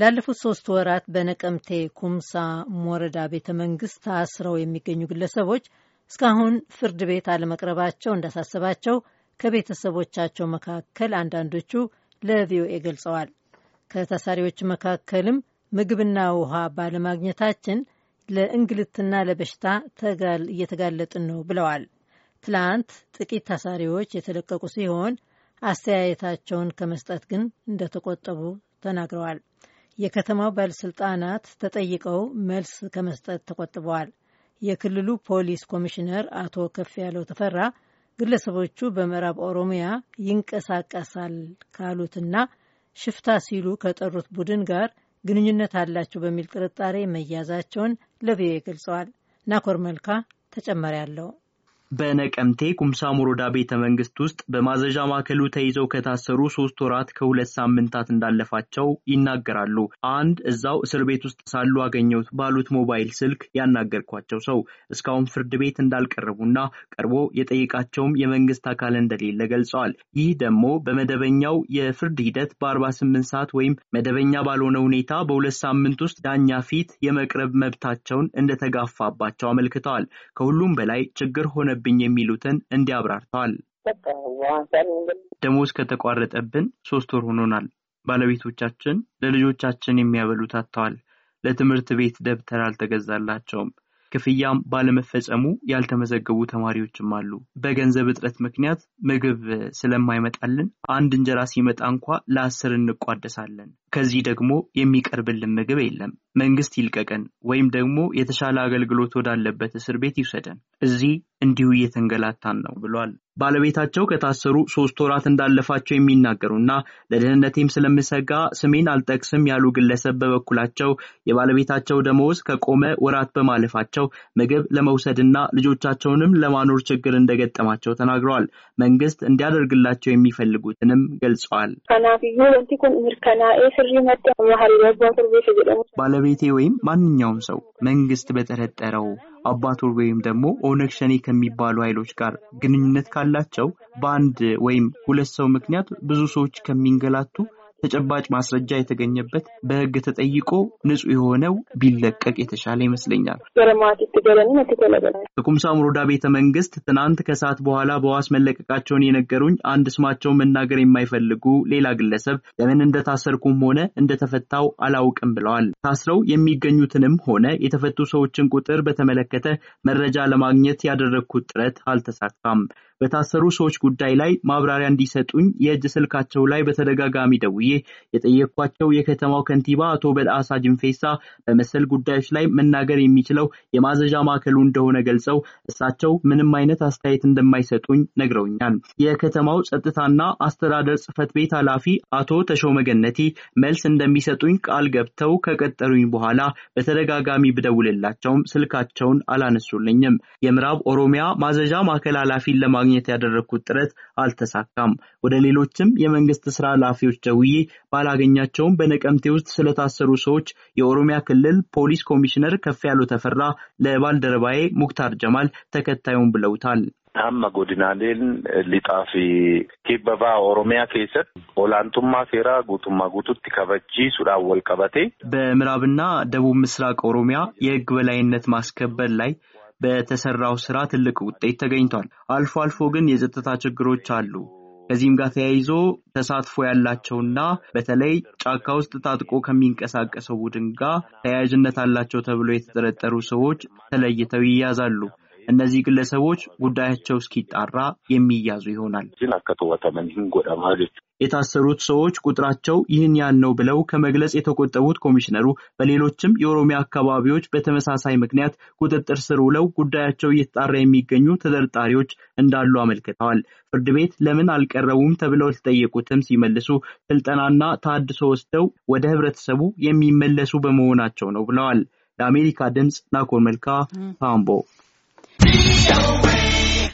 ላለፉት ሶስት ወራት በነቀምቴ ኩምሳ ሞረዳ ቤተ መንግስት ታስረው የሚገኙ ግለሰቦች እስካሁን ፍርድ ቤት አለመቅረባቸው እንዳሳሰባቸው ከቤተሰቦቻቸው መካከል አንዳንዶቹ ለቪኦኤ ገልጸዋል። ከታሳሪዎች መካከልም ምግብና ውሃ ባለማግኘታችን ለእንግልትና ለበሽታ እየተጋለጥን ነው ብለዋል። ትላንት ጥቂት ታሳሪዎች የተለቀቁ ሲሆን አስተያየታቸውን ከመስጠት ግን እንደተቆጠቡ ተናግረዋል። የከተማው ባለሥልጣናት ተጠይቀው መልስ ከመስጠት ተቆጥበዋል። የክልሉ ፖሊስ ኮሚሽነር አቶ ከፍ ያለው ተፈራ ግለሰቦቹ በምዕራብ ኦሮሚያ ይንቀሳቀሳል ካሉትና ሽፍታ ሲሉ ከጠሩት ቡድን ጋር ግንኙነት አላቸው በሚል ጥርጣሬ መያዛቸውን ለቪኦኤ ገልጸዋል። ናኮር መልካ ተጨማሪ አለው። በነቀምቴ ኩምሳ ሞሮዳ ቤተ መንግስት ውስጥ በማዘዣ ማዕከሉ ተይዘው ከታሰሩ ሶስት ወራት ከሁለት ሳምንታት እንዳለፋቸው ይናገራሉ። አንድ እዛው እስር ቤት ውስጥ ሳሉ አገኘሁት ባሉት ሞባይል ስልክ ያናገርኳቸው ሰው እስካሁን ፍርድ ቤት እንዳልቀረቡና ቀርቦ የጠየቃቸውም የመንግስት አካል እንደሌለ ገልጸዋል። ይህ ደግሞ በመደበኛው የፍርድ ሂደት በ48 ሰዓት ወይም መደበኛ ባልሆነ ሁኔታ በሁለት ሳምንት ውስጥ ዳኛ ፊት የመቅረብ መብታቸውን እንደተጋፋባቸው አመልክተዋል። ከሁሉም በላይ ችግር ሆነ ሆነብኝ የሚሉትን እንዲያብራርተዋል። ደሞዝ ከተቋረጠብን ሶስት ወር ሆኖናል። ባለቤቶቻችን ለልጆቻችን የሚያበሉት አጥተዋል። ለትምህርት ቤት ደብተር አልተገዛላቸውም። ክፍያም ባለመፈጸሙ ያልተመዘገቡ ተማሪዎችም አሉ። በገንዘብ እጥረት ምክንያት ምግብ ስለማይመጣልን አንድ እንጀራ ሲመጣ እንኳ ለአስር እንቋደሳለን። ከዚህ ደግሞ የሚቀርብልን ምግብ የለም። መንግስት ይልቀቀን ወይም ደግሞ የተሻለ አገልግሎት ወዳለበት እስር ቤት ይውሰደን፣ እዚህ እንዲሁ እየተንገላታን ነው ብሏል። ባለቤታቸው ከታሰሩ ሶስት ወራት እንዳለፋቸው የሚናገሩና ለደህንነቴም ስለምሰጋ ስሜን አልጠቅስም ያሉ ግለሰብ በበኩላቸው የባለቤታቸው ደመወዝ ከቆመ ወራት በማለፋቸው ምግብ ለመውሰድና ልጆቻቸውንም ለማኖር ችግር እንደገጠማቸው ተናግረዋል። መንግስት እንዲያደርግላቸው የሚፈልጉትንም ገልጸዋል። ባለቤ ጎረቤቴ ወይም ማንኛውም ሰው መንግስት በጠረጠረው አባቶ ወይም ደግሞ ኦነግ ሸኔ ከሚባሉ ኃይሎች ጋር ግንኙነት ካላቸው በአንድ ወይም ሁለት ሰው ምክንያት ብዙ ሰዎች ከሚንገላቱ ተጨባጭ ማስረጃ የተገኘበት በህግ ተጠይቆ ንጹሕ የሆነው ቢለቀቅ የተሻለ ይመስለኛል። በኩምሳ ሞሮዳ ቤተ መንግስት ትናንት ከሰዓት በኋላ በዋስ መለቀቃቸውን የነገሩኝ አንድ ስማቸውን መናገር የማይፈልጉ ሌላ ግለሰብ ለምን እንደታሰርኩም ሆነ እንደተፈታው አላውቅም ብለዋል። ታስረው የሚገኙትንም ሆነ የተፈቱ ሰዎችን ቁጥር በተመለከተ መረጃ ለማግኘት ያደረግኩት ጥረት አልተሳካም። በታሰሩ ሰዎች ጉዳይ ላይ ማብራሪያ እንዲሰጡኝ የእጅ ስልካቸው ላይ በተደጋጋሚ ደውዬ የጠየኳቸው የከተማው ከንቲባ አቶ በድአሳ ጅንፌሳ በመሰል ጉዳዮች ላይ መናገር የሚችለው የማዘዣ ማዕከሉ እንደሆነ ገልጸው እሳቸው ምንም አይነት አስተያየት እንደማይሰጡኝ ነግረውኛል። የከተማው ጸጥታና አስተዳደር ጽህፈት ቤት ኃላፊ አቶ ተሾመ ገነቲ መልስ እንደሚሰጡኝ ቃል ገብተው ከቀጠሩኝ በኋላ በተደጋጋሚ ብደውልላቸውም ስልካቸውን አላነሱልኝም። የምዕራብ ኦሮሚያ ማዘዣ ማዕከል ኃላፊን ለማ ለማግኘት ያደረግኩት ጥረት አልተሳካም። ወደ ሌሎችም የመንግስት ስራ ኃላፊዎች ደውዬ ባላገኛቸውም በነቀምቴ ውስጥ ስለታሰሩ ሰዎች የኦሮሚያ ክልል ፖሊስ ኮሚሽነር ከፍ ያሉ ተፈራ ለባልደረባዬ ሙክታር ጀማል ተከታዩን ብለውታል። hamma godinaaleen lixaa fi ኦሮሚያ keessatti olaantummaa seeraa guutummaa guututti kabachiisuudhaan wal qabate በምዕራብና ደቡብ ምስራቅ ኦሮሚያ የህግ በላይነት ማስከበር ላይ በተሰራው ስራ ትልቅ ውጤት ተገኝቷል። አልፎ አልፎ ግን የጸጥታ ችግሮች አሉ። ከዚህም ጋር ተያይዞ ተሳትፎ ያላቸውና በተለይ ጫካ ውስጥ ታጥቆ ከሚንቀሳቀሰው ቡድን ጋር ተያያዥነት አላቸው ተብሎ የተጠረጠሩ ሰዎች ተለይተው ይያዛሉ። እነዚህ ግለሰቦች ጉዳያቸው እስኪጣራ የሚያዙ ይሆናል። የታሰሩት ሰዎች ቁጥራቸው ይህን ያን ነው ብለው ከመግለጽ የተቆጠቡት ኮሚሽነሩ በሌሎችም የኦሮሚያ አካባቢዎች በተመሳሳይ ምክንያት ቁጥጥር ስር ውለው ጉዳያቸው እየተጣራ የሚገኙ ተጠርጣሪዎች እንዳሉ አመልክተዋል። ፍርድ ቤት ለምን አልቀረቡም ተብለው የተጠየቁትም ሲመልሱ ስልጠናና ታድሶ ወስደው ወደ ህብረተሰቡ የሚመለሱ በመሆናቸው ነው ብለዋል። ለአሜሪካ ድምፅ ናኮር መልካ ታምቦ Your way.